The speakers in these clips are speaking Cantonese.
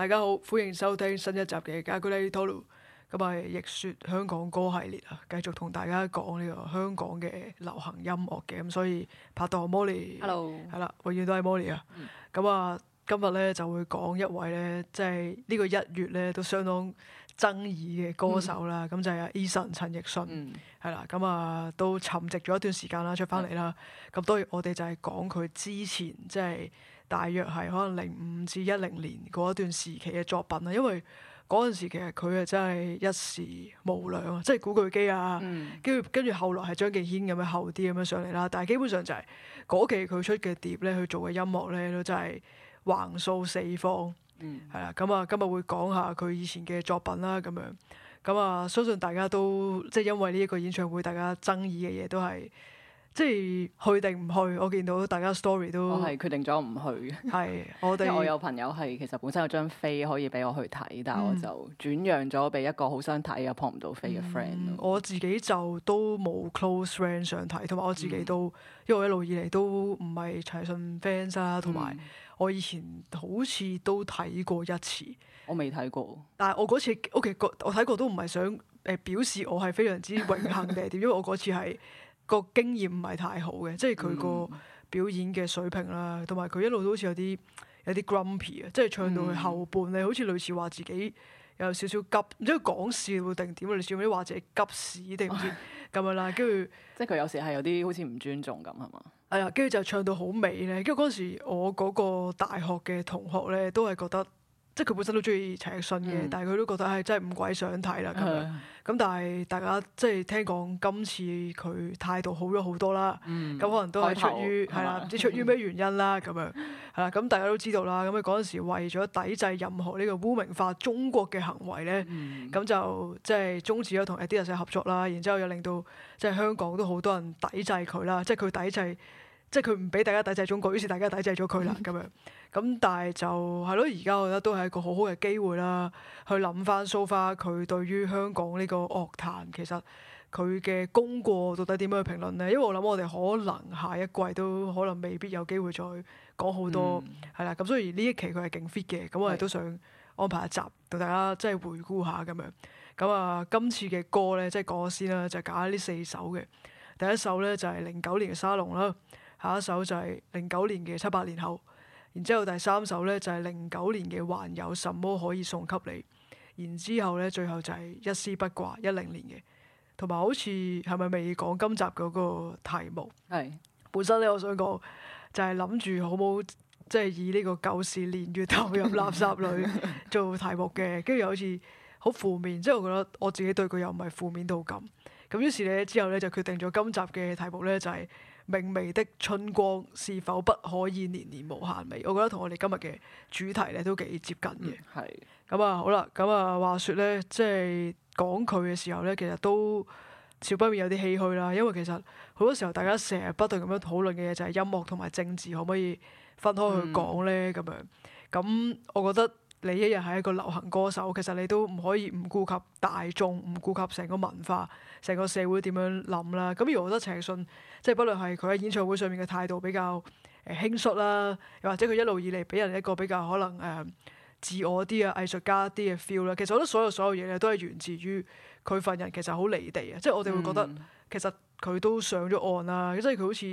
大家好，歡迎收聽新一集嘅《家居討論》，咁係逆說香港歌系列啊，繼續同大家講呢個香港嘅流行音樂嘅，咁所以拍檔 Molly，Hello，係啦，永遠都係 Molly 啊，咁啊、嗯、今日咧就會講一位咧即係呢、就是這個一月咧都相當爭議嘅歌手啦，咁、嗯、就係啊 Eason 陳奕迅，係啦、嗯，咁啊都沉寂咗一段時間啦，出翻嚟啦，咁當然我哋就係講佢之前即係。就是就是大約係可能零五至一零年嗰一段時期嘅作品啦，因為嗰陣時其實佢啊真係一時無兩啊，即係古巨基啊，跟住跟住後來係張敬軒咁樣後啲咁樣上嚟啦，但係基本上就係、是、嗰期佢出嘅碟咧，佢做嘅音樂咧都真係橫掃四方。嗯，係啦，咁啊今日會講下佢以前嘅作品啦，咁樣咁啊，相信大家都即係、就是、因為呢一個演唱會，大家爭議嘅嘢都係。即係去定唔去？我見到大家 story 都，我係決定咗唔去。係我哋， 我有朋友係其實本身有張飛可以俾我去睇，但係我就轉讓咗俾一個好想睇又撲唔到飛嘅 friend。我自己就都冇 close friend 想睇，同埋我自己都因為我一路以嚟都唔係長信 fans 啦，同埋、嗯、我以前好似都睇過一次。我未睇過，但係我嗰次 OK，我睇過都唔係想誒表示我係非常之榮幸嘅，點 因為我嗰次係。個經驗唔係太好嘅，即係佢個表演嘅水平啦，同埋佢一路都好似有啲有啲 grumpy 啊，即係唱到佢後半咧，mm. 好似類似話自己有少少急，唔知講笑定點，類似話自己急屎定唔知咁樣啦，跟住 即係佢有時係有啲好似唔尊重咁，係嘛？係啊、哎，跟住就唱到好尾咧，跟住嗰時我嗰個大學嘅同學咧都係覺得。即係佢本身都中意陳奕迅嘅，嗯、但係佢都覺得係真係唔鬼想睇啦咁樣。咁但係大家即係聽講今次佢態度好咗好多啦。咁、嗯、可能都係出於係啦，唔初吧知出於咩原因啦咁、嗯、樣。係啦，咁大家都知道啦。咁嗰陣時為咗抵制任何呢個污名化中國嘅行為咧，咁、嗯、就即係終止咗同 Adidas 合作啦。然之後又令到即係香港都好多人抵制佢啦。即係佢抵制。即係佢唔俾大家抵制中國，於是大家抵制咗佢啦咁樣。咁 但係就係咯，而家我覺得都係一個好好嘅機會啦，去諗翻 so far 佢對於香港呢個樂壇其實佢嘅功過到底點樣去評論呢？因為我諗我哋可能下一季都可能未必有機會再講好多係啦。咁、嗯、所以呢一期佢係勁 fit 嘅，咁的我哋都想安排一集同大家即係回顧下咁樣。咁啊、呃，今次嘅歌呢，即係講先啦，就係揀呢四首嘅。第一首呢，就係零九年嘅沙龍》啦。下一首就係零九年嘅《七八年後》，然之後第三首咧，就係零九年嘅《還有什麼可以送給你》，然之後咧，最後就係、是《一絲不掛》一零年嘅，同埋好似係咪未講今集嗰個題目？係是本身咧，我想講就係諗住好唔好，即、就、係、是以呢個舊時年月投入垃圾裏做題目嘅，跟住又好似好負面，即、就、係、是我覺得我自己對佢又唔係負面到咁，咁於是咧，之後咧，就決定咗今集嘅題目咧就係、是。明媚的春光是否不可以年年無限美？我覺得同我哋今日嘅主題咧都幾接近嘅。係咁啊，好啦，咁啊話說咧，即係講佢嘅時候咧，其實都少不免有啲唏噓啦。因為其實好多時候，大家成日不斷咁樣討論嘅嘢就係音樂同埋政治可唔可以分開去講咧？咁樣咁，我覺得。你一日係一個流行歌手，其實你都唔可以唔顧及大眾，唔顧及成個文化、成個社會點樣諗啦。咁而我覺得陳奕迅，即係不論係佢喺演唱會上面嘅態度比較誒輕率啦，又或者佢一路以嚟俾人一個比較可能誒、呃、自我啲啊、藝術家啲嘅 feel 啦。其實我覺得所有所有嘢咧都係源自於佢份人其實好離地啊，嗯、即係我哋會覺得其實佢都上咗岸啦，即係佢好似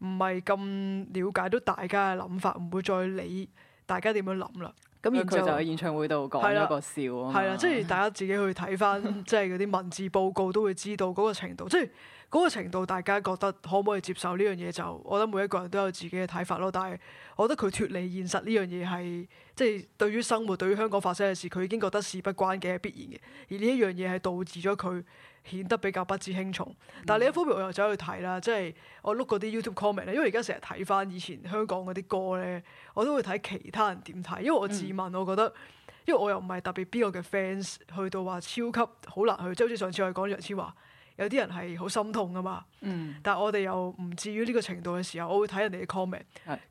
唔係咁了解到大家嘅諗法，唔會再理大家點樣諗啦。咁佢就喺演唱會度講咗個笑啊，係啦，即係大家自己去睇翻，即係嗰啲文字報告都會知道嗰個程度，即係嗰個程度大家覺得可唔可以接受呢樣嘢？就我覺得每一個人都有自己嘅睇法咯。但係我覺得佢脫離現實呢樣嘢係，即係對於生活對於香港發生嘅事，佢已經覺得事不關己係必然嘅，而呢一樣嘢係導致咗佢。顯得比較不知輕重，但係另一方面我又走去睇啦，嗯、即係我碌嗰啲 YouTube comment 咧，因為而家成日睇翻以前香港嗰啲歌咧，我都會睇其他人點睇，因為我自問我覺得，嗯、因為我又唔係特別邊個嘅 fans，去到話超級好難去，即係好似上次我講楊千嬅，有啲人係好心痛㗎嘛，嗯、但係我哋又唔至於呢個程度嘅時候，我會睇人哋嘅 comment，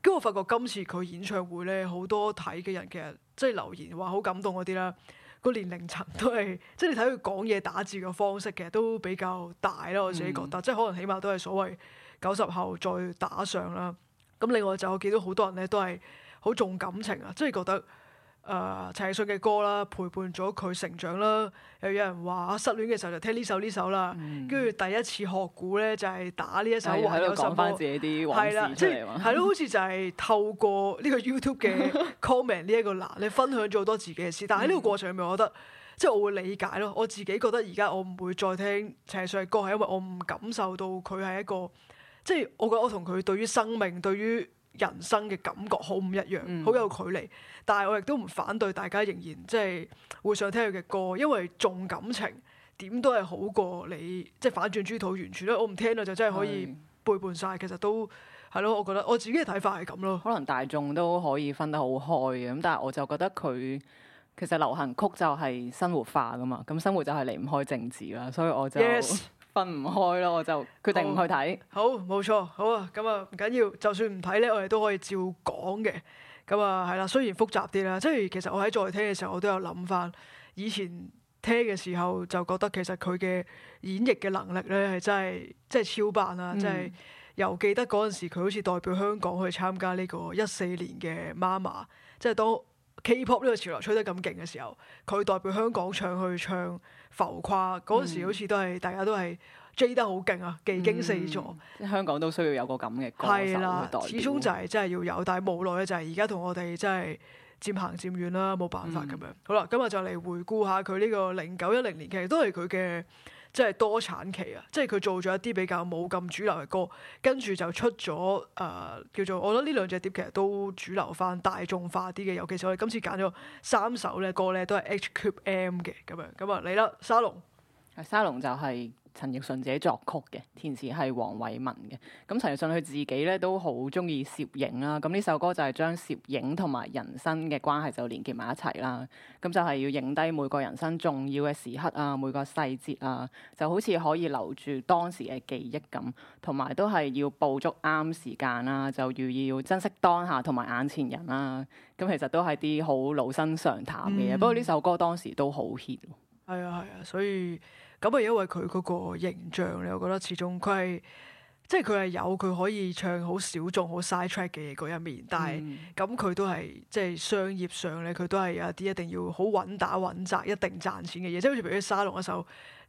跟住我發覺今次佢演唱會咧，好多睇嘅人其實即係留言話好感動嗰啲啦。個年齡層都係，即係你睇佢講嘢打字嘅方式，其實都比較大啦。我自己覺得，嗯、即係可能起碼都係所謂九十後再打上啦。咁另外就我見到好多人咧，都係好重感情啊，即係覺得。誒、呃、陳奕迅嘅歌啦，陪伴咗佢成長啦。又有人話失戀嘅時候就聽呢首呢首啦。跟住、嗯、第一次學鼓咧，就係、是、打呢一首呢一首。喺度講翻自己啲往事出嚟嘛。係啦，即係係咯，好似就係透過呢個 YouTube 嘅 comment 呢一個欄 你分享咗好多自己嘅事。但喺呢個過程入面，我覺得即係、嗯、我會理解咯。我自己覺得而家我唔會再聽陳奕迅嘅歌，係因為我唔感受到佢係一個即係、就是、我覺得我同佢對於生命對於。人生嘅感覺好唔一樣，好、嗯、有距離。但係我亦都唔反對大家仍然即係會想聽佢嘅歌，因為重感情點都係好過你即係、就是、反轉豬肚完全咯。我唔聽喇就真係可以背叛晒。其實都係咯。我覺得我自己嘅睇法係咁咯。可能大眾都可以分得好開嘅，咁但係我就覺得佢其實流行曲就係生活化噶嘛，咁生活就係離唔開政治啦，所以我就。Yes. 分唔開咯，我就決定唔去睇。好，冇錯，好啊，咁啊唔緊要，就算唔睇呢，我哋都可以照講嘅。咁啊係啦，雖然複雜啲啦，即係其實我喺再聽嘅時候，我都有諗翻以前聽嘅時候就覺得其實佢嘅演繹嘅能力呢係真係即係超棒啊。即係又記得嗰陣時佢好似代表香港去參加呢個一四年嘅 Mama 即係當 K-pop 呢個潮流吹得咁勁嘅時候，佢代表香港唱去唱浮誇嗰陣時好，好似都係大家都係 J 得好勁啊！技驚四座、嗯，香港都需要有個咁嘅歌手。係啦了，表始終就係真係要有，但係冇耐嘅就係而家同我哋真係漸行漸遠啦，冇辦法咁樣。嗯、好啦，今日就嚟回顧下佢呢個零九一零年，其實都係佢嘅。即係多產期啊，即係佢做咗一啲比較冇咁主流嘅歌，跟住就出咗誒、呃、叫做我覺得呢兩隻碟其實都主流返、大眾化啲嘅。尤其是我哋今次揀咗三首咧歌咧，都係 H Q M 嘅咁樣咁啊嚟啦，沙龍，沙龍就係、是。陳奕迅自己作曲嘅，填詞係黃偉文嘅。咁陳奕迅佢自己咧都好中意攝影啦。咁呢首歌就係將攝影同埋人生嘅關係就連結埋一齊啦。咁就係要影低每個人生重要嘅時刻啊，每個細節啊，就好似可以留住當時嘅記憶咁。同埋都係要捕捉啱時間啦，就要要珍惜當下同埋眼前人啦。咁其實都係啲好老生常談嘅嘢。嗯、不過呢首歌當時都好 hit。係啊係啊，所以。咁啊，因為佢嗰個形象咧，我覺得始終佢係，即係佢係有佢可以唱好小眾、好 side track 嘅一面，但係咁佢都係即係商業上咧，佢都係有一啲一定要好穩打穩紮、一定賺錢嘅嘢。即係好似譬如沙龍一首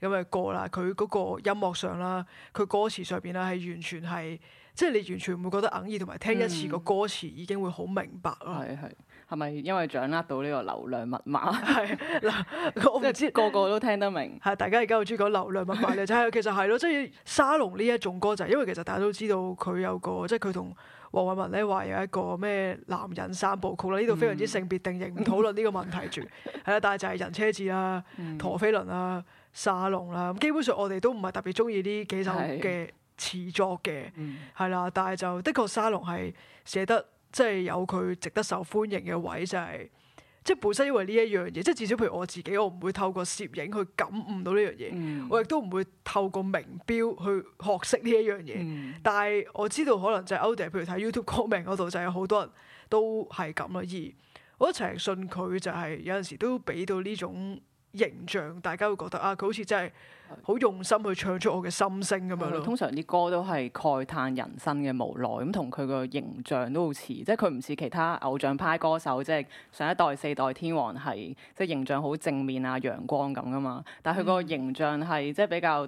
咁嘅、那個、歌啦，佢嗰個音樂上啦，佢歌詞上邊啦，係完全係，即係你完全唔會覺得哽耳，同埋聽一次個歌詞已經會好明白咯。嗯，係係。係咪因為掌握到呢個流量密碼？係嗱，我唔知個個都聽得明。係大家而家好中意講流量密碼咧，就係其實係咯，即係《沙龍》呢一種歌就係因為其實大家都知道佢有個即係佢同黃偉文咧話有一個咩男人三部曲啦，呢度非常之性別定型討論呢個問題住係啦，但係就係人車誌啦、陀飛輪啦、沙龍啦，咁基本上我哋都唔係特別中意呢幾首嘅詞作嘅，係啦，但係就的確《沙龍》係寫得。即係有佢值得受歡迎嘅位，就係，就係即係本身以為呢一樣嘢，即係至少譬如我自己，我唔會透過攝影去感悟到呢樣嘢，嗯、我亦都唔會透過名錶去學識呢一樣嘢。嗯、但係我知道可能就係歐迪，譬如睇 YouTube comment 嗰度，就係有好多人都係咁咯。而我覺得陳奕迅佢，就係有陣時都俾到呢種。形象，大家會覺得啊，佢好似真係好用心去唱出我嘅心聲咁、嗯、樣咯。通常啲歌都係慨嘆人生嘅無奈，咁同佢個形象都好似，即係佢唔似其他偶像派歌手，即係上一代四代天王係即係形象好正面啊陽光咁啊嘛，但係佢個形象係即係比較。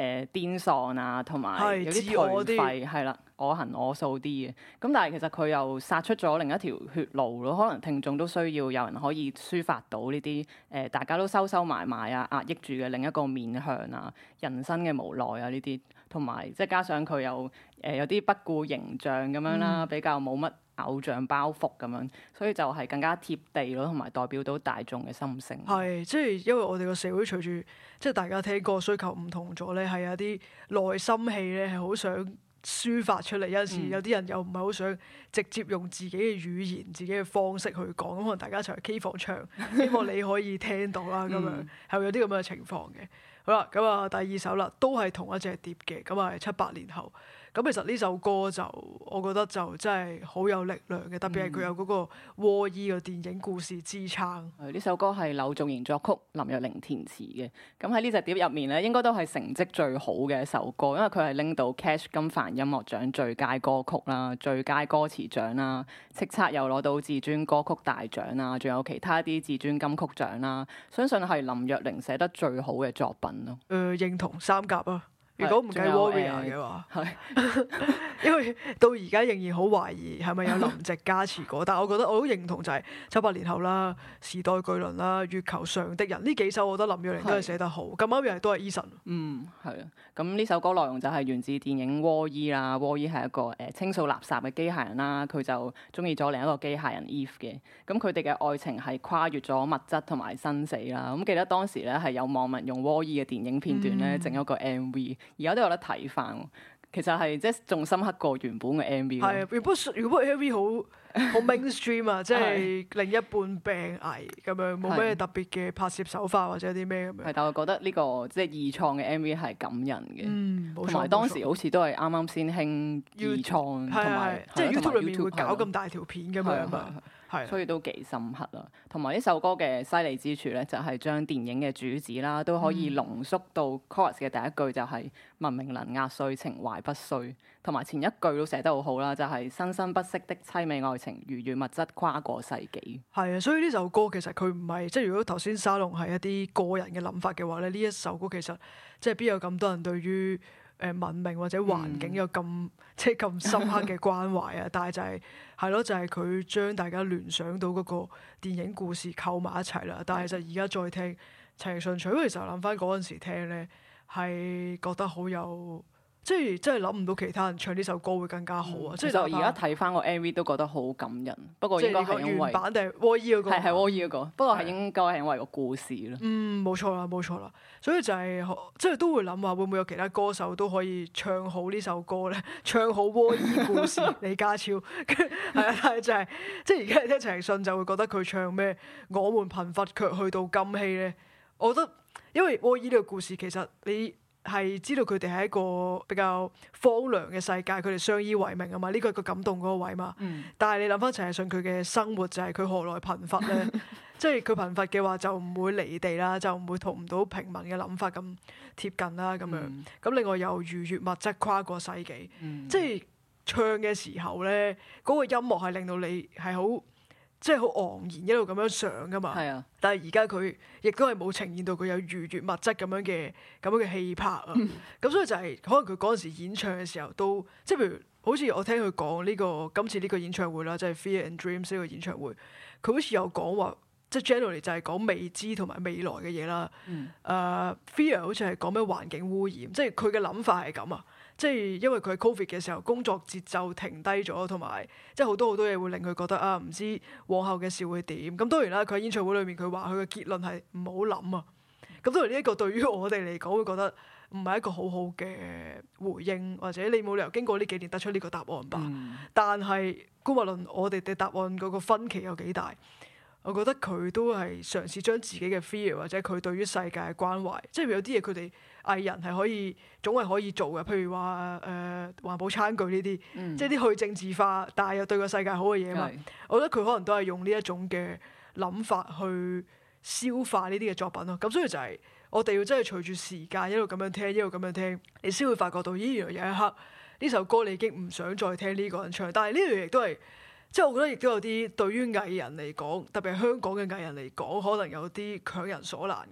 誒、呃、癲喪啊，同埋有啲頹廢，係啦，我行我素啲嘅。咁但係其實佢又殺出咗另一條血路咯。可能聽眾都需要有人可以抒發到呢啲誒，大家都收收埋埋啊，壓抑住嘅另一個面向啊，人生嘅無奈啊，呢啲同埋即係加上佢又誒、呃、有啲不顧形象咁樣啦，嗯、比較冇乜。偶像包袱咁樣，所以就係更加貼地咯，同埋代表到大眾嘅心聲。係，即係因為我哋個社會隨住，即係大家聽歌需求唔同咗咧，係有啲內心氣咧係好想抒發出嚟。嗯、有時有啲人又唔係好想直接用自己嘅語言、自己嘅方式去講，咁可能大家一齊喺 K 房唱，希望你可以聽到啦，咁、 嗯、樣係有啲咁嘅情況嘅。好啦，咁啊第二首啦，都係同一隻碟嘅，咁啊，《七八年後》。咁其實呢首歌就我覺得就真係好有力量嘅，特別係佢有嗰個《Wall-E》嘅電影故事支撐。呢、嗯、首歌係柳重言作曲、林若寧填詞嘅。咁喺呢隻碟入面咧，應該都係成績最好嘅一首歌，因為佢係拎到 Cash 金帆音樂獎最佳歌曲啦、最佳歌詞獎啦，叱咤又攞到至尊歌曲大獎啦，仲有其他啲至尊金曲獎啦。相信係林若寧寫得最好嘅作品咯。誒、呃，認同三甲啊！如果唔計 WALL-E 嘅話，呃、 因為到而家仍然好懷疑係咪有林夕加持過， 但係我覺得我好認同就係《七百年後》啦，《時代巨輪》啦，《月球上的人》呢幾首，我覺得林若寧都係寫得好。咁啱又都係 Eason。剛剛 e、嗯，係啊。咁呢首歌內容就係源自電影《WALL-E》啦，《WALL-E》係、e、一個誒清掃垃圾嘅機械人啦，佢就中意咗另一個機械人 Eve 嘅。咁佢哋嘅愛情係跨越咗物質同埋生死啦。咁記得當時咧係有網民用《WALL-E》嘅電影片段咧整一個 MV。而家都有得睇翻，其實係即係仲深刻過原本嘅 MV。係，原本原本 MV 好好 mainstream 啊，即係、 就是、另一半病危咁樣，冇咩特別嘅拍攝手法或者啲咩咁樣。係的，但係我覺得呢、這個即係二創嘅 MV 係感人嘅，同埋、嗯、當時好似都係啱啱先興二創，同埋即係 YouTube 裏面會搞咁大條片咁樣。是所以都幾深刻啦，同埋呢首歌嘅犀利之處咧，就係將電影嘅主旨啦都可以濃縮到 chorus 嘅第一句就係、是嗯、「文明能壓碎情懷不衰。」同埋前一句都寫得好好啦，就係生生不息的淒美愛情，如願物質跨過世紀。係啊，所以呢首歌其實佢唔係即係如果頭先沙龍係一啲個人嘅諗法嘅話咧，呢一首歌其實即係邊有咁多人對於誒、呃、文明或者環境有咁即係咁深刻嘅關懷啊， 但係就係係咯，就係佢將大家聯想到嗰個電影故事扣埋一齊啦。但係就而家再聽陳奕迅，其實諗翻嗰陣時聽咧，係覺得好有。即係真係諗唔到其他人唱呢首歌會更加好啊！嗯、即係就而家睇翻個 M V 都覺得好感人，不過應該係因為原版定係 w a r i 嗰個？係係 w a r i 嗰個，的不過係應該係因為個故事咯。嗯，冇錯啦，冇錯啦，所以就係、是、即係都會諗話會唔會有其他歌手都可以唱好呢首歌咧，唱好 w a r i 故事。 李家超係啊， 是就係、是、即係而家陳奕迅就會覺得佢唱咩？我們貧乏卻去到今期咧，我覺得因為 w a r i 呢個故事其實你係知道佢哋係一個比較荒涼嘅世界，佢哋相依為命啊嘛，呢個個感動嗰個位嘛。嗯、但係你諗翻陳奕迅，佢嘅生活就係佢何來貧乏咧？ 即係佢貧乏嘅話就唔會離地啦，就唔會同唔到平民嘅諗法咁貼近啦咁樣。咁、嗯、另外又逾越物質跨過世紀，嗯、即係唱嘅時候咧，嗰、那個音樂係令到你係好。即係好昂然一路咁樣上噶嘛，啊、但係而家佢亦都係冇呈現到佢有逾越物質咁樣嘅咁樣嘅氣魄啊，咁 所以就係可能佢嗰陣時演唱嘅時候都即係譬如好似我聽佢講呢個今次呢個演唱會啦，即、就、係、係、Fear and Dreams 呢、這個演唱會，佢好似有講話即係 generally 就係講未知同埋未來嘅嘢啦，誒、嗯 uh, Fear 好似係講咩環境污染，即係佢嘅諗法係咁啊。即係因為佢喺 Covid 嘅時候，工作節奏停低咗，同埋即係好多好多嘢會令佢覺得啊，唔知往後嘅事會點。咁當然啦，佢喺演唱會裏面佢話佢嘅結論係唔好諗啊。咁當然呢一個對於我哋嚟講會覺得唔係一個好好嘅回應，或者你冇理由經過呢幾年得出呢個答案吧。嗯、但係姑勿論我哋嘅答案嗰個分歧有幾大，我覺得佢都係嘗試將自己嘅 fear 或者佢對於世界嘅關懷，即係有啲嘢佢哋。藝人係可以，總係可以做㗎。譬如話，誒環保餐具呢啲，嗯、即係啲去政治化，但係又對個世界好嘅嘢嘛。的我覺得佢可能都係用呢一種嘅諗法去消化呢啲嘅作品咯。咁所以就係、是、我哋要真係隨住時間一路咁樣聽，一路咁樣聽，你先會發覺到，依然有一刻呢首歌你已經唔想再聽呢個人唱。但係呢樣嘢都係，即係我覺得亦都有啲對於藝人嚟講，特別係香港嘅藝人嚟講，可能有啲強人所難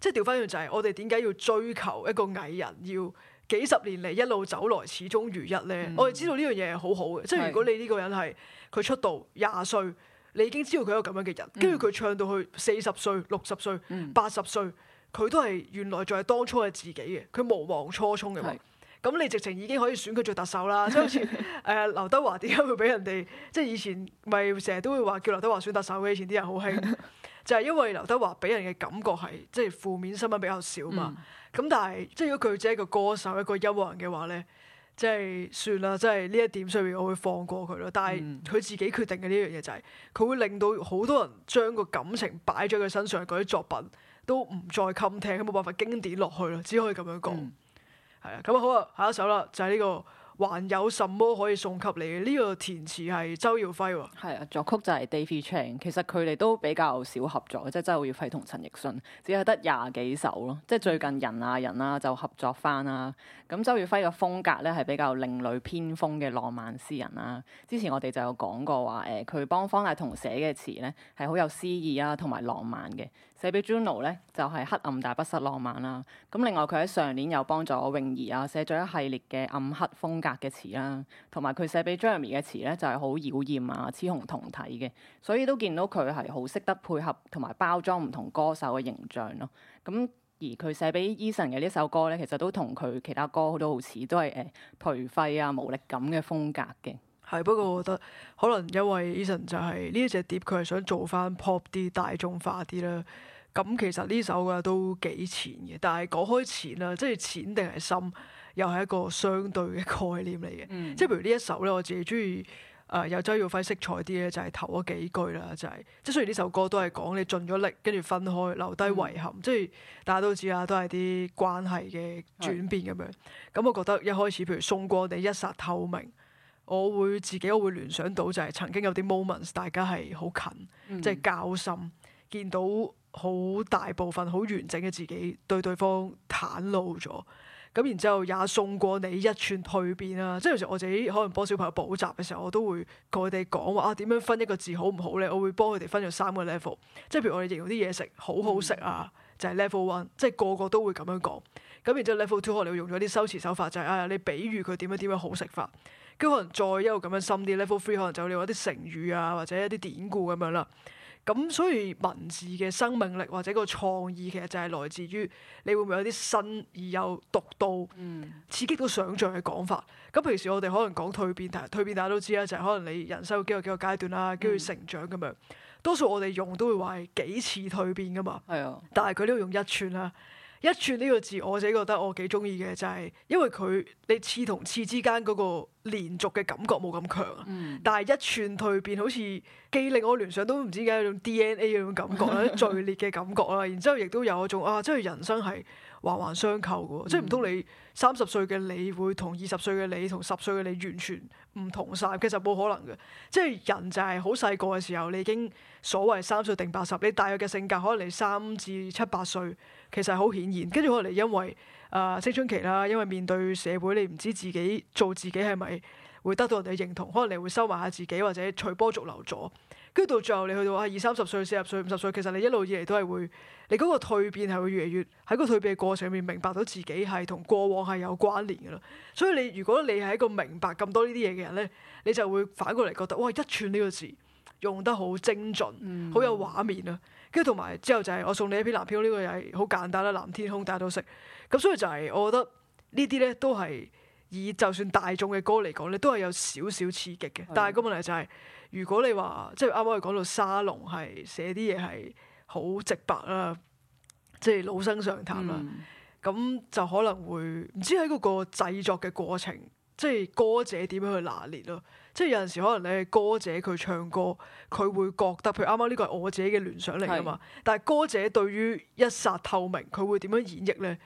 即係調翻轉就係我哋點解要追求一個藝人要幾十年嚟一路走來始終如一呢。嗯、我哋知道呢樣嘢係好好嘅。是即係如果你呢個人係佢出道廿歲，你已經知道佢係一個咁樣嘅人，跟住佢唱到去四十歲、六十歲、八十、嗯、歲，佢都係原來仲係當初嘅自己嘅，佢無忘初衷嘅咪？咁是你直情已經可以選佢做特首啦！即係好似誒劉德華點解會俾人哋即係以前咪成日都會話叫劉德華選特首嘅？以前啲人好興。 就係因為劉德華俾人嘅感覺係即係負面新聞比較少嘛，咁、嗯、但係即係如果佢只係一個歌手一個音樂人嘅話咧，即、就、係、是、算啦，即係呢一點上面我會放過佢咯。但係佢自己決定嘅呢樣嘢就係、是、佢會令到好多人將個感情擺咗佢身上，佢啲作品都唔再禁聽，冇辦法經典落去啦，只可以咁樣講。係啊、嗯，咁啊好啊，下一首啦，就係呢、這個。還有什麼可以送給你呢、呢個填詞係周耀輝喎。係啊，作曲就係 David Chan。其實佢哋都比較少合作，即、就、係、是、周耀輝同陳奕迅只係得廿幾首咯。即、就、係、是、最近人啊人啦、啊、就合作翻啦。咁周耀輝嘅風格咧係比較另類偏鋒嘅浪漫詩人啦、啊。之前我哋就有講過話，誒、呃、佢幫方大同寫嘅詞咧係好有詩意啊，同埋浪漫嘅。寫俾 Juno 咧就係、是、黑暗大不失浪漫啦，咁另外佢喺上年又幫助泳兒啊寫咗一系列嘅暗黑風格嘅詞啦，同埋佢寫俾 Jeremy 嘅詞咧就係好妖豔啊、雌雄同體嘅，所以都見到佢係好識得配合同埋包裝唔同歌手嘅形象咯。咁而佢寫俾 Eason 嘅呢首歌咧，其實都同佢其他歌好多好似，都係誒頹廢啊、無力感嘅風格嘅。係不過我覺得可能因為 Eason 就係、是、呢一隻碟佢係想做翻 pop 啲大眾化啲啦。咁其實呢首嘅都幾淺嘅，但係講開淺啦，即係淺定係深，又係一個相對嘅概念嚟嘅。嗯、即係譬如呢一首咧，我自己中意誒有周耀輝色彩啲咧，就係、是、頭嗰幾句啦，就係、是、即係雖然呢首歌都係講你盡咗力，跟住分開，留低遺憾，嗯、即係大家都知啦，都係啲關係嘅轉變咁樣。咁是我覺得一開始譬如送過我哋一剎透明，我會自己我會聯想到就係曾經有啲 moment s 大家係好近，即係交心，見到。好大部分好完整嘅自己對對方袒露咗，咁然之後也送過你一串蛻變啦。即係其實我自己可能幫小朋友補習嘅時候，我都會佢哋講話啊點樣分一個字好唔好咧？我會幫佢哋分咗三個 level。即係譬如我哋形容啲嘢食好好食啊，就係、是、level one，即係個個都會咁樣講。咁然之後 level two 你會用咗啲修辭手法，就係、是、啊你比喻佢點樣點樣好食法。跟住可能再一路咁樣深啲，level three 可能就你用一啲成語啊或者一啲典故咁樣啦。咁所以文字嘅生命力或者個創意其實就係來自於你會唔會有啲新而又獨到、刺激到想像嘅講法。咁平時我哋可能講蛻變題，但係蛻變大家都知啦，就係、是、可能你人生會經過幾個階段啦，跟住成長咁樣。多數我哋用都會話係幾次蛻變㗎嘛。係啊、嗯，但係佢都要用一串啦。一串呢個字，我自己覺得我幾中意嘅，就係、是、因為佢你次同次之間嗰個連續嘅感覺冇咁強，嗯、但係一串蛻變好似既令我聯想都唔知點解有種 DNA 嗰種感覺啦，啲序列嘅感覺啦，然之後亦都有嗰種啊，即、就、係、是、人生係。環環相扣嘅，即係唔通你三十歲嘅你，會同二十歲嘅你，同十歲嘅你完全唔同晒？其實冇可能嘅，即係人就係好細個嘅時候，你已經所謂三歲定八十。你大約嘅性格，可能你三至七八歲，其實好顯然，跟住可能你因為啊、呃、青春期啦，因為面對社會，你唔知自己做自己係咪會得到人哋認同，可能你會收埋下自己，或者隨波逐流咗。跟住到最後，你去到啊二三十歲、四十歲、五十歲，其實你一路以嚟都係會，你嗰個蛻變係會越嚟越喺個蛻變嘅過程入面，明白到自己係同過往係有關聯嘅咯。所以你如果你係一個明白咁多呢啲嘢嘅人呢，你就會反過嚟覺得，哇！一串呢個字用得好精準，好、嗯、有畫面啊！跟住同埋之後就係、是、我送你一篇藍票，呢個又係好簡單啦，藍天空大家都識。咁所以就係、是、我覺得呢啲呢，都係以就算大眾嘅歌嚟講咧，都係有少少刺激嘅。的但係個問題就係、是。如果你話即係啱啱我講到沙龍係寫啲嘢係好直白啦，即係老生常談啦，咁，嗯，就可能會唔知喺嗰個製作嘅過程，即係歌者點樣去拿捏咯，即係有陣時可能咧歌者佢唱歌佢會覺得，譬如啱啱呢個係我自己嘅聯想嚟㗎嘛，是但係歌者對於一剎透明，佢會點樣演繹咧？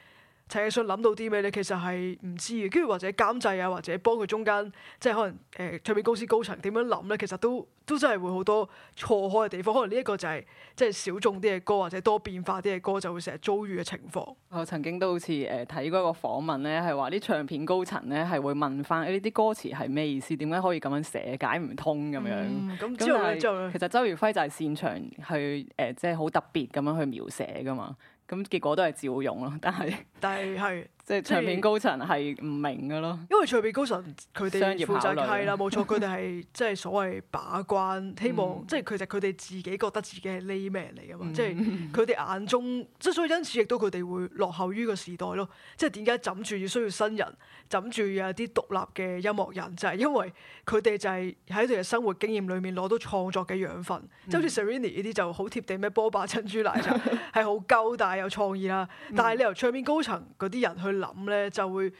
陳奕迅諗到啲咩咧？其實係唔知嘅，跟住或者監製啊，或者幫佢中間，即係可能誒、呃、唱片公司高層點樣諗咧？其實都都真係會好多錯開嘅地方。可能呢一個就係即係小眾啲嘅歌，或者多變化啲嘅歌就會成日遭遇嘅情況。我曾經都好似誒睇過一個訪問咧，係話啲唱片高層咧係會問翻呢啲歌詞係咩意思？點解可以咁樣寫？解唔通咁樣。咁之後咧其實周耀輝就係擅長去誒，即係好特別咁樣去描寫㗎嘛。咁結果都係照用咯，但係 但係係。即係唱片高層係唔明嘅咯，因為唱片高層佢哋負責考慮係啦，冇錯，佢哋係即係所謂把關，希望、mm. 即係佢哋佢哋自己覺得自己係 layman 嚟啊嘛，mm. 即係佢哋眼中即係、mm. 所以因此亦都佢哋會落後於個時代咯。即係點解枕住要需要新人枕住要有啲獨立嘅音樂人，就係、是、因為佢哋就係喺佢哋嘅生活經驗裏面攞到創作嘅養分。即係好似 Serrini 呢啲就好貼地咩波霸珍珠奶茶係好鳩，大有創意啦。但係你由唱片高層嗰啲人去。Mm. 諗咧，就會，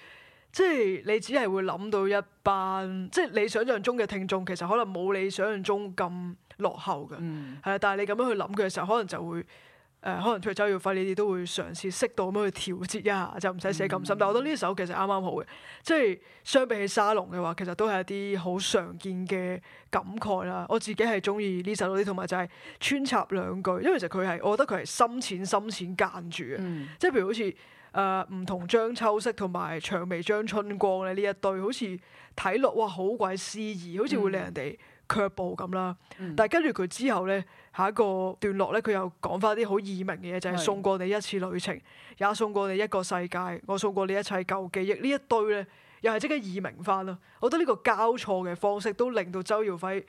即係你只係會諗到一班，即係你想象中嘅聽眾，其實可能冇你想象中咁落後嘅。係啊、嗯。但係你咁樣去諗嘅時候，可能就會誒、呃，可能譬如周耀輝，你哋都會嘗試適度咁樣去調節一下，就唔使寫咁深。嗯、但我覺得呢首其實啱啱好嘅，即係相比起沙龍嘅話，其實都係一啲好常見嘅感慨啦。我自己係中意呢首歌啲，同埋就係穿插兩句，因為其實佢係，我覺得佢係深淺深淺間住嘅，即係譬如好似。誒唔、呃、同張秋色同埋明媚張春光咧呢一對好，嗯、好似睇落哇好鬼詩意，好似會令人哋卻步咁啦。嗯、但係跟住佢之後咧，下一個段落咧，佢又講翻啲好易明嘅嘢，就係、是、送過你一次旅程，也送過你一個世界，我送過你一切舊記憶。一呢一堆咧，又係即刻易明翻啦。我覺得呢個交錯嘅方式都令到周耀輝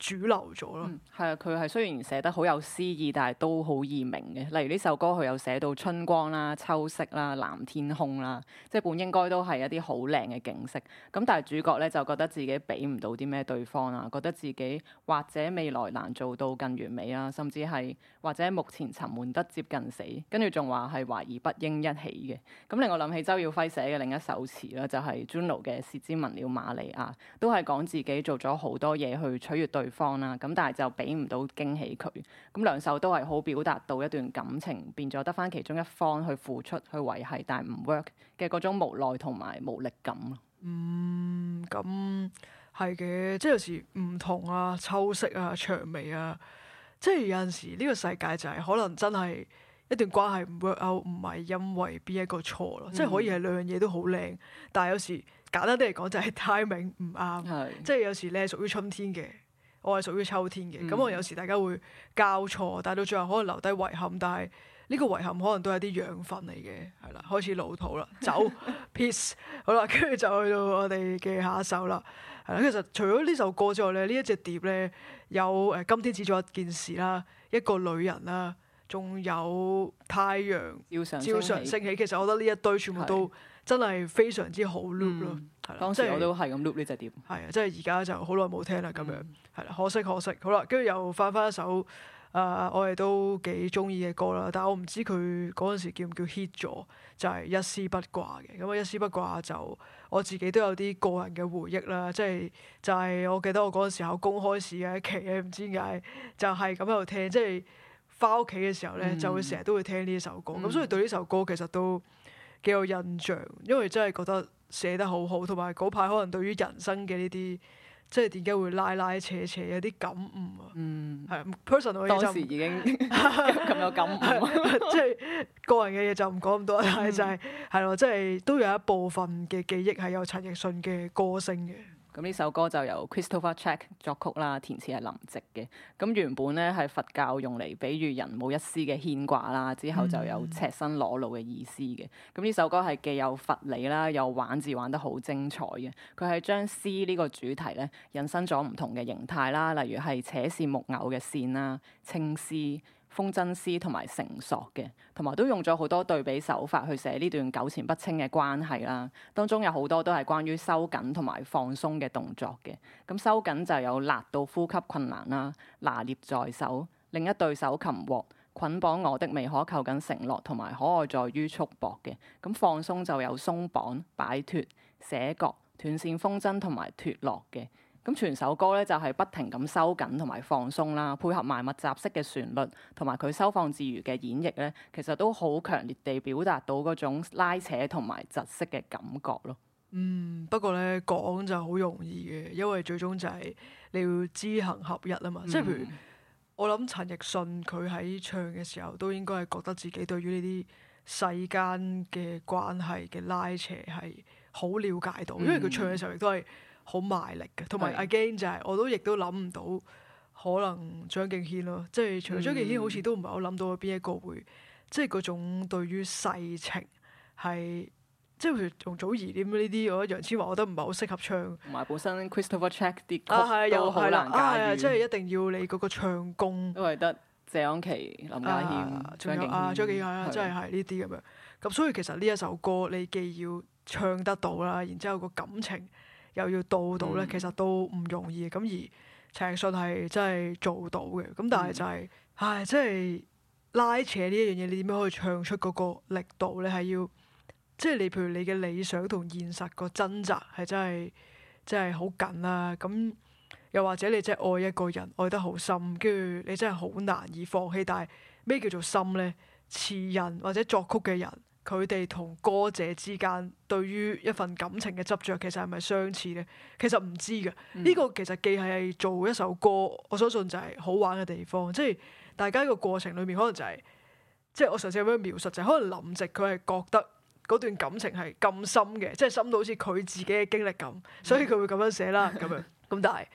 主流咗咯，係啊、嗯，佢係雖然寫得好有詩意，但係都好易明嘅。例如呢首歌，佢有寫到春光啦、秋色啦、藍天空啦，即係本應該都係一啲好靚嘅景色。咁但係主角咧就覺得自己畀唔到啲咩對方啊，覺得自己或者未來難做到更完美啊，甚至係或者目前沉悶得接近死，跟住仲話係懷疑不應一起嘅。咁令我諗起周耀輝寫嘅另一首詞啦，就係、是《Juno 嘅薛之文鳥瑪利亞都係講自己做咗好多嘢去取悅對。方啦，咁但係就俾唔到驚喜佢，咁兩首都係好表達到一段感情變咗得返其中一方去付出去維繫，但係唔 work 嘅嗰種無奈同埋無力感咯、嗯。嗯，咁係嘅，即係有時唔同啊，秋色啊，薔薇啊，即係有陣時呢個世界就係可能真係一段關係唔 work out，唔係因為邊一個錯咯，嗯、即係可以係兩樣嘢都好靚，但係有時簡單啲嚟講就係 timing 唔啱，係是，即係有時你係屬於春天嘅。我係屬於秋天嘅，咁、嗯、我有時大家會交錯，但到最後可能留低遺憾，但係呢個遺憾可能都係啲養分嚟嘅，係啦，開始老土啦，走 ，peace，好啦，跟住就去到我哋嘅下一首啦。係啦，其實除咗呢首歌之外咧，一呢一隻碟咧有誒、呃，今天只做一件事啦，一個女人啦，仲有太陽，照常升，升起。其實我覺得呢一堆全部都。真係非常之好 loop 咯，係啦、嗯，即係我都係咁 loop 呢隻碟。係啊，即係而家就好耐冇聽啦，咁樣係啦，可惜可惜。好啦，跟住又翻翻一首，誒、呃，我哋都幾中意嘅歌啦。但係我唔知佢嗰陣時叫唔叫 hit 咗，就係、是、一絲不掛嘅。咁啊，一絲不掛就我自己都有啲個人嘅回憶啦。即係就係、是、我記得我嗰陣時候公開試嘅一期，唔知點解就係咁喺度聽。即係翻屋企嘅時候咧，嗯、就會成日都會聽呢一首歌。咁、嗯、所以對呢首歌其實都。幾有印象，因為真係覺得寫得好好，同埋嗰排可能對於人生嘅呢啲，即係點解會拉拉扯扯有啲感悟啊。嗯，係啊，personal 嘅嘢就當時已經咁有，有感即係 個人嘅嘢就唔講咁多。嗯、但係就係係咯，即係、就是、都有一部分嘅記憶係有陳奕迅嘅歌聲嘅。咁呢首歌就由 Christopher Check 作曲啦，填詞係林夕嘅。咁原本咧係佛教用嚟比喻人冇一絲嘅牽掛啦，之後就有赤身裸露嘅意思嘅。咁呢、嗯、首歌係既有佛理啦，又玩字玩得好精彩嘅。佢係將絲呢個主題咧引申咗唔同嘅形態啦，例如係扯線木偶嘅線啦，青絲。風箏絲同埋繩索嘅，同埋都用咗好多對比手法去寫呢段糾纏不清嘅關係啦。當中有好多都係關於收緊同埋放鬆嘅動作嘅。咁收緊就有勒到呼吸困難啦，拿捏在手，另一對手擒獲，捆綁我的未可扣緊承諾，同埋可愛在於束縛嘅。咁放鬆就有鬆綁、擺脱、解角、斷線風箏同埋脱落嘅。咁全首歌咧就係不停咁收緊同埋放鬆啦，配合埋密集式嘅旋律，同埋佢收放自如嘅演繹咧，其實都好強烈地表達到嗰種拉扯同埋窒息嘅感覺咯。嗯，不過咧講就好容易嘅，因為最終就係你要知行合一啊嘛。即係譬如我諗陳奕迅佢喺唱嘅時候，都應該係覺得自己對於呢啲世間嘅關係嘅拉扯係好了解到，嗯，因為佢唱嘅時候亦都係。好賣力嘅，同埋 again 是的 就係，我都亦都諗唔到可能張敬軒咯，即係除咗張敬軒，好似都唔係好諗到邊一個會，即係嗰種對於世情係，即係譬如容祖兒點呢啲，我，楊我覺得楊千嬅我覺得唔係好適合唱，同埋本身 Christopher Check 啲曲又都好難駕馭啊，啊啊即係一定要你嗰個唱功，因為得謝安琪、林家謙、張敬軒啊，仲有張敬軒即係係呢啲咁樣，咁所以其實呢一首歌你既要唱得到啦，然之後個感情。又要到到咧，其實都唔容易咁。嗯、而陳奕迅係真係做到嘅，咁、嗯、但係就係、是，唉，真係拉扯呢一樣嘢，你點樣可以唱出嗰個力度咧？係要，即係你譬如你嘅理想同現實個掙扎係真係真係好緊啦、啊。咁又或者你真係愛一個人，愛得好深，跟住你真係好難以放棄。但係咩叫做心咧？詞人或者作曲嘅人。佢哋同歌者之間對於一份感情嘅執着其實係咪相似呢？其實唔知㗎。呢、嗯、個其實既係做一首歌，我相信就係好玩嘅地方。即係大家個過程裏面，可能就係、是、即係我上次咁樣描述就係、是，可能林夕佢係覺得嗰段感情係咁深嘅，即係深到好似佢自己嘅經歷咁，所以佢會咁樣寫啦。咁、嗯、 樣咁，但係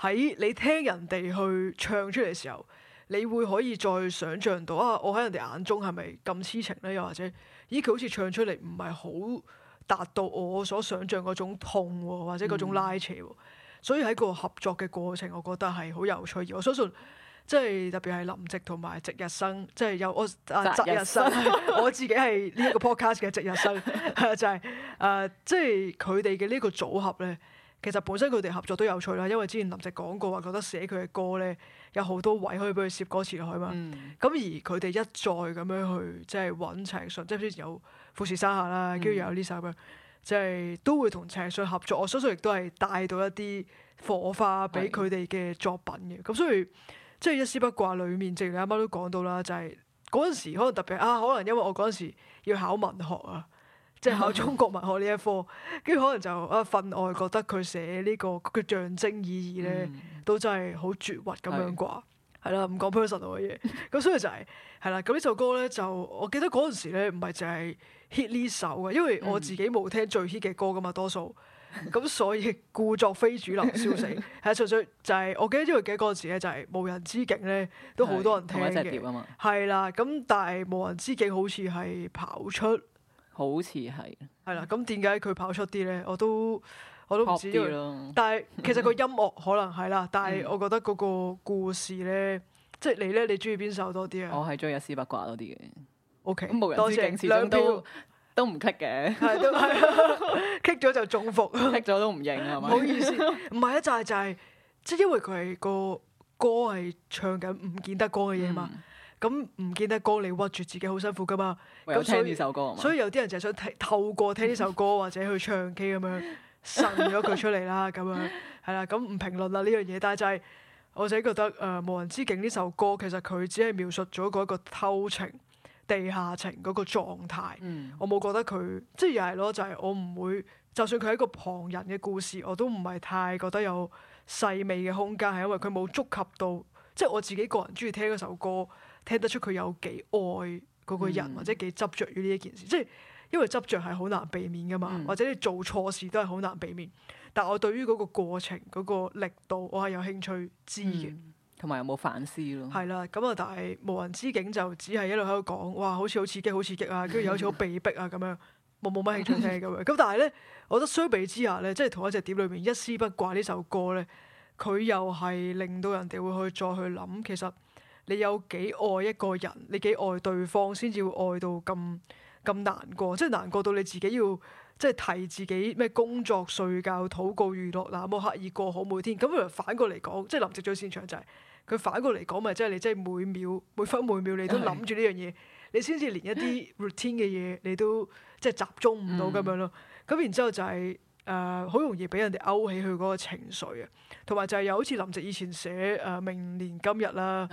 喺你聽人哋去唱出嚟嘅時候，你會可以再想像到「啊，我喺人哋眼中係咪咁痴情呢？」又或者？咦，佢好似唱出嚟唔係好達到我所想像嗰種痛、哦、或者嗰種拉扯、哦，嗯、所以喺個合作嘅過程，我覺得係好有趣。而我相信即係、就是、特別係林夕同埋值日生，即係有我啊值日生，我自己係呢一個 podcast 嘅值日生，就係誒即係佢哋嘅呢個組合咧。其實本身佢哋合作都有趣啦，因為之前林夕講過話，覺得寫佢嘅歌咧有好多位可以俾佢攝歌詞落去啊嘛。咁、嗯、而佢哋一再咁樣去即係揾陳奕迅，即係之前有富士山下啦，跟住又有呢首咁，即係都會同陳奕迅合作。我相信亦都係帶到一啲火花俾佢哋嘅作品嘅。咁是所以即係一絲不掛裏面，正如你啱啱都講到啦，就係嗰陣時可能特別啊，可能因為我嗰陣時要考文學啊。即係考中國文學呢一科，跟住可能就啊份外覺得佢寫呢、呢個佢象徵意義咧，都真係好絕核咁樣啩。係啦的，唔講 personal 嘅嘢。咁 所以就係係啦。咁呢首歌咧，就我記得嗰陣時咧，唔係淨係 hit 呢首嘅，因為我自己冇聽最 hit 嘅歌噶嘛，多數。咁所以故作非主流消死係 純粹就係、是、我記得，因為記得呢個幾嗰陣時咧，就係、是、無人之境咧都好多人聽嘅。係啦，咁但係無人之境好似係跑出。好似係，係啦。咁點解佢跑出啲咧？我都我都唔知咯。了但係其實個音樂可能係啦，但係我覺得嗰個故事咧， 即係你咧，你中意邊首多啲啊？我係中意《一絲不掛》多啲嘅。O K，冇人知，兩票都唔 cut 嘅 cut 咗就中伏 cut 咗都唔認啊咪？唔 好意思，唔係啊，就係、是、就係，即係因為佢係個歌係唱緊唔見得光嘅嘢嘛。嗯咁唔見得喂光，你屈住自己好辛苦㗎嘛？咁所以所以有啲人就係想 透過聽呢首歌或者去唱 K 咁樣滲咗佢出嚟啦。咁樣係啦，咁唔 評論啦呢樣嘢，但係就係、是、我自己覺得，誒、呃、無人之境呢首歌其實佢只係描述咗嗰個偷情地下情嗰個狀態。嗯、我冇覺得佢即係又係咯，就係我唔會就算佢係一個旁人嘅故事，我都唔係太覺得有細微嘅空間，係因為佢冇觸及到即係、就是、我自己個人中意聽嗰首歌。聽得出佢有幾愛嗰個人，嗯、或者幾執着於呢一件事，即係因為執着係好難避免噶嘛，嗯、或者你做錯事都係好難避免。但我對於嗰個過程，嗰、嗰個力度，我係有興趣知嘅，同埋、嗯、有冇反思咯。係啦，咁啊，但係無人之境就只係一路喺度講，哇，好似好刺激，好刺激啊！跟住又好似好被逼啊，咁樣冇冇乜興趣聽咁樣。咁 但係咧，我覺得相比之下咧，即係同一隻碟裏面一絲不掛呢首歌咧，佢又係令到人哋會去再去諗，其實。你有幾愛一個人，你幾愛對方，先至會愛到咁咁難過，即係難過到你自己要即係提自己咩工作、睡覺、禱告、娛樂，嗱，冇刻意過好每天。咁佢來反過嚟講，即係林夕最擅長就係、是、佢反過嚟講，咪即係你即係每秒每分每秒你都諗住呢樣嘢，你先至連一啲 routine 嘅嘢你都即係集中唔到咁樣咯。咁、嗯、然之後就係、是。誒好、uh, 容易俾人哋勾起佢嗰個情緒啊，同埋就係有好似林夕以前寫誒、uh, 明年今日啦、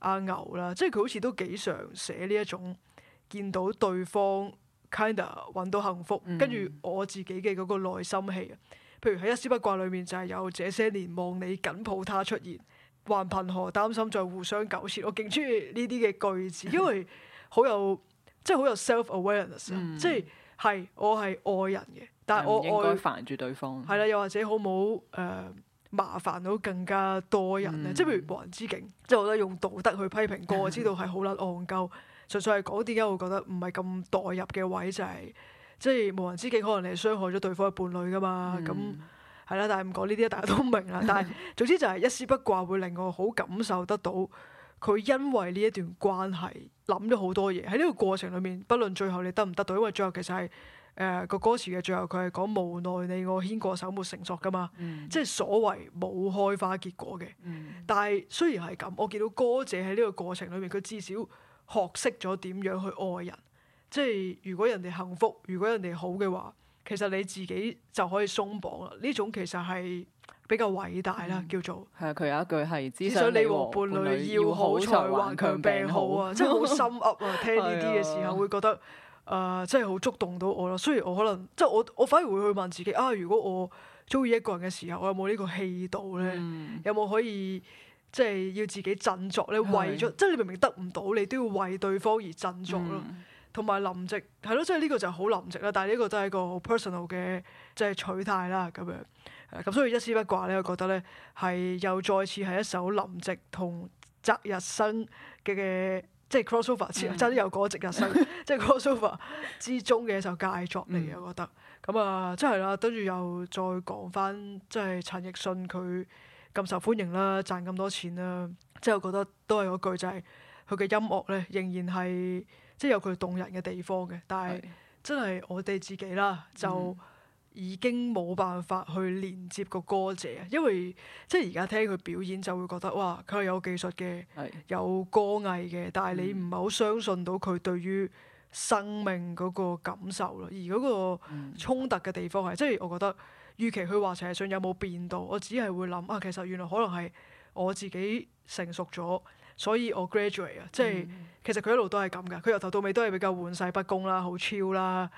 阿的、啊、牛啦，即係佢好似都幾常寫呢一種見到對方 kind of 揾到幸福，跟住、嗯、我自己嘅嗰個內心戲啊。譬如喺《一絲不掛》裏面就係有這些年望你緊抱他出現，還憑何擔心再互相糾纏，我勁中意呢啲嘅句子，因為好有即係好有 self awareness，啊，即係係我係愛人嘅。但我愛煩住對方，係啦，又或者好唔好誒、呃、麻煩到更加多人咧？嗯、即係譬如無人之境，即係我覺得用道德去批評過、嗯、知道係好撚戇鳩，純、嗯、粹係講點解我覺得唔係咁代入嘅位就係、是，即係無人之境可能你係傷害咗對方嘅伴侶噶嘛。咁係啦，但係唔講呢啲，大家都明啦。但係總之就係一絲不掛會令我好感受得到，佢因為呢一段關係諗咗好多嘢喺呢個過程裏面，不論最後你得唔得到，因為最後其實係。誒個歌詞嘅最後，佢係講無奈你我牽過手沒承諾噶嘛，嗯、即係所謂冇開花結果嘅。嗯、但係雖然係咁，我見到歌者喺呢個過程裏面，佢至少學識咗點樣去愛人。即係如果人哋幸福，如果人哋好嘅話，其實你自己就可以鬆綁啦。呢種其實係比較偉大啦，嗯、叫做係啊。佢有一句係只想你和伴侶要好才患強病好啊，即係好深噏啊！聽呢啲嘅時候、嗯、 會覺得。啊，真係好觸動到我啦！雖然我可能即係我，我反而會去問自己啊，如果我中意一個人嘅時候，我有冇呢個氣度咧？嗯、有冇可以即係要自己振作咧？為咗是即係你明明得唔到，你都要為對方而振作咯。同埋、嗯、林夕係咯，即係呢個就好林夕啦。但係呢個都係一個好 personal 嘅即係取態啦。咁樣咁、啊、所以一絲不掛咧，我覺得咧係又再次係一首林夕同澤日生嘅。即係 crossover 先，真係由歌直入新，即係 crossover 之中嘅一首佳作嚟嘅， 我覺得。咁啊，真係啦，跟住又再講返，即係陳奕迅佢咁受歡迎啦，賺咁多錢啦，即係我覺得都係嗰句，就係佢嘅音樂呢，仍然係即係有佢動人嘅地方嘅，但係是的 真係我哋自己啦就。嗯已經冇辦法去連接個歌者啊，因為即係而家聽佢表演就會覺得哇，佢係有技術嘅，的有歌藝嘅，但係你唔係好相信到佢對於生命嗰個感受咯。而嗰個衝突嘅地方係，嗯、即係我覺得，與其佢話陳奕迅有冇變到，我只係會諗啊，其實原來可能係我自己成熟咗，所以我 graduate 啊，嗯、即係其實佢一路都係咁㗎，佢由頭到尾都係比較玩世不恭啦，好超啦。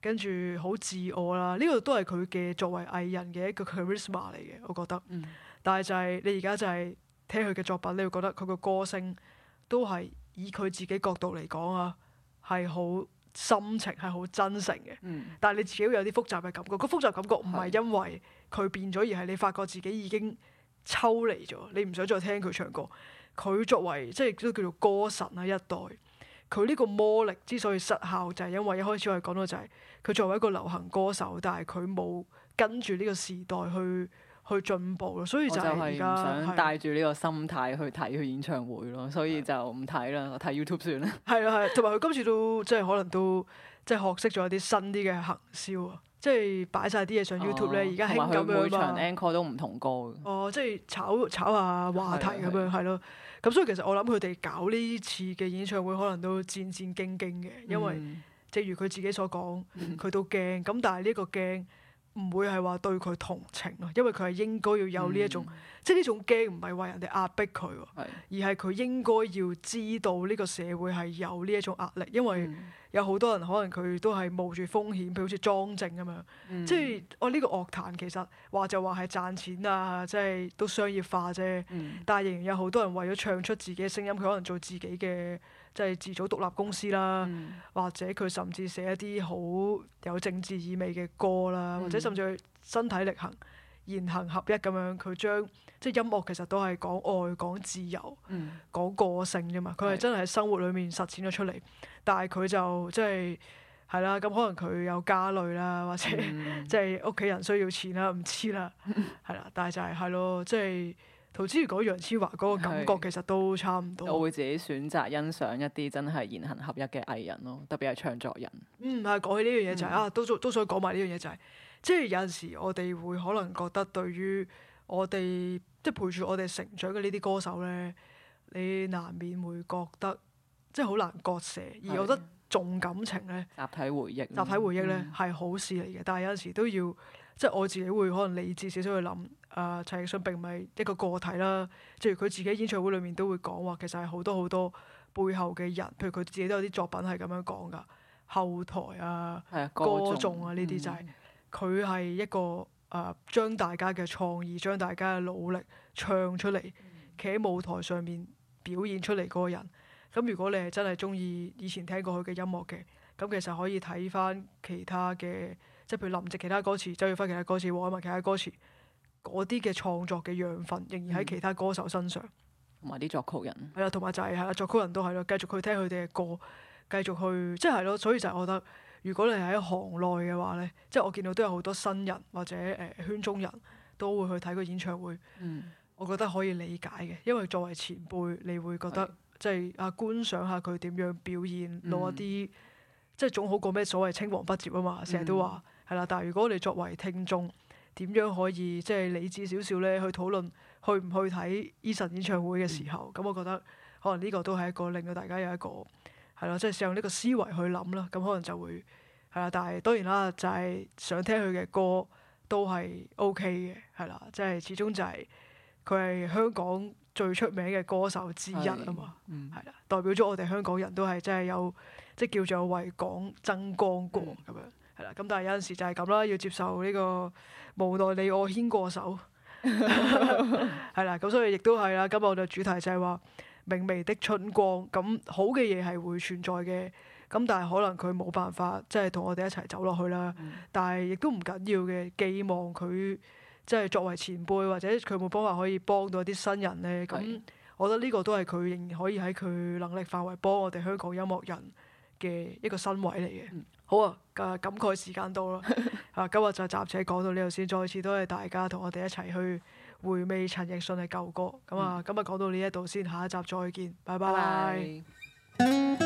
跟住好自我啦，呢、呢個都係佢嘅作為藝人嘅一個 charisma 嚟嘅，我覺得。嗯、但係就係、係、你而家就係聽佢嘅作品，你會覺得佢個歌聲都係以佢自己角度嚟講啊，係好深情係好真誠嘅。嗯、但係你自己會有啲複雜嘅感覺，個複雜感覺唔係因為佢變咗，而係你發覺自己已經抽離咗，你唔想再聽佢唱歌。佢作為即係都叫做歌神啊一代。佢呢個魔力之所以失效，就係、是、因為一開始我哋講到就係佢作為一個流行歌手，但係佢冇跟住呢個時代去去進步咯，所以就係而家帶住呢個心態去睇佢演唱會咯，所以就唔睇啦，是的 我睇 YouTube 算啦。係啦係，同埋佢今次都即係可能都即係學識咗一啲新啲嘅行銷啊，即係擺晒啲嘢上 YouTube 咧、哦，而家興咁樣啊。同埋佢每場 encore 都唔同歌哦，即係炒炒下話題咁樣，係咯。咁所以其實我諗佢哋搞呢次嘅演唱會，可能都戰戰兢兢嘅，因為正如佢自己所講，佢都驚。咁但係呢個驚。唔會係話對佢同情咯，因為佢係應該要有呢一種，嗯、即係呢種驚唔係話人哋壓迫佢，是而係佢應該要知道呢個社會係有呢一種壓力，因為有好多人可能佢都係冒住風險，譬如好似莊正咁樣，嗯、即係哦呢個樂壇其實話就話係賺錢啊，即係都商業化啫，嗯、但係仍然有好多人為咗唱出自己嘅聲音，佢可能做自己嘅。即係自組獨立公司啦，嗯、或者佢甚至寫一啲好有政治意味嘅歌啦，嗯、或者甚至去身體力行、言行合一咁樣，佢將即係音樂其實都係講愛、講自由、講、嗯、個性啫嘛。佢係真係喺生活裡面實踐咗出嚟，但係佢就即係係啦。咁、就是、可能佢有家累啦，或者即係屋企人需要錢啦，唔知啦，係啦。但係就係係咯，即係。就是之資嗰楊千嬅嗰個感覺是其實都差唔多。我會自己選擇欣賞一啲真係言行合一嘅藝人咯，特別係唱作人。嗯，係講起呢樣嘢就係、是嗯、啊，都想都，都想講埋呢樣嘢就係、是，即係有陣時我哋會可能覺得對於我哋即係陪住我哋成長嘅呢啲歌手呢，你難免會覺得即係好難割捨。而我覺得重感情呢，集體回憶。集體回憶，集體回憶呢係、嗯、好事嚟嘅，但係有陣時都要。即係我自己會可能理智少少去諗，誒陳奕迅並唔係一個個體啦。即係佢自己演唱會裏面都會講話，其實係好多好多背後嘅人，譬如佢自己都有啲作品係咁樣講噶，後台啊、啊歌頌啊呢啲、啊嗯、就係佢係一個誒將、呃、大家嘅創意、將大家嘅努力唱出嚟，企喺、嗯、舞台上面表現出嚟嗰個人。咁如果你係真係中意以前聽過佢嘅音樂嘅，咁其實可以睇翻其他嘅。即係譬如林夕其他歌詞，周耀輝其他歌詞，黃偉文其他歌詞嗰啲嘅創作嘅養分，仍然喺其他歌手身上，同埋啲作曲人，係啦，同埋就係係啊，作曲人都係咯，繼續去聽佢哋嘅歌，繼續去即係係咯，所以就係我覺得，如果你喺行內嘅話咧，即、就、係、是、我見到都有好多新人或者誒、呃、圈中人都會去睇個演唱會，嗯、我覺得可以理解嘅，因為作為前輩，你會覺得即係的、就是、啊，觀賞下佢點樣表現，攞一啲、嗯、即係總好過咩所謂青黃不接啊嘛，成日都話。嗯係啦，但係如果我哋作為聽眾，點樣可以即係、就是、理智少少咧去討論去唔去睇 Eason 演唱會嘅時候？咁、嗯、我覺得可能呢個都係一個令到大家有一個係咯，即係使用呢個思維去諗啦。咁可能就會係啦，但係當然啦，就係、是、想聽佢嘅歌都係 OK 嘅，係啦，即係始終就係佢係香港最出名嘅歌手之一啊嘛，係啦、嗯，代表咗我哋香港人都係真係有即係、就是、叫做為港增光過咁、嗯、樣。係啦，咁但係有陣時就係咁啦，要接受呢個無奈你我牽過手，係啦， 咁所以亦都係啦。今日我哋嘅主題就係話明媚的春光，咁好嘅嘢係會存在嘅。咁但係可能佢冇辦法即係同我哋一齊走落去啦。嗯、但係亦都唔緊要嘅，寄望佢即係作為前輩或者佢有冇方法可以幫到啲新人咧。咁的我覺得呢個都係佢仍然可以喺佢能力範圍幫我哋香港音樂人嘅一個身位嚟嘅。嗯好啊，誒感慨時間到啦，啊 今日就暫且講到呢度先，再次多謝大家同我哋一齊去回味陳奕迅嘅舊歌，咁啊、嗯，今日講到呢度先，下一集再見，拜拜。拜拜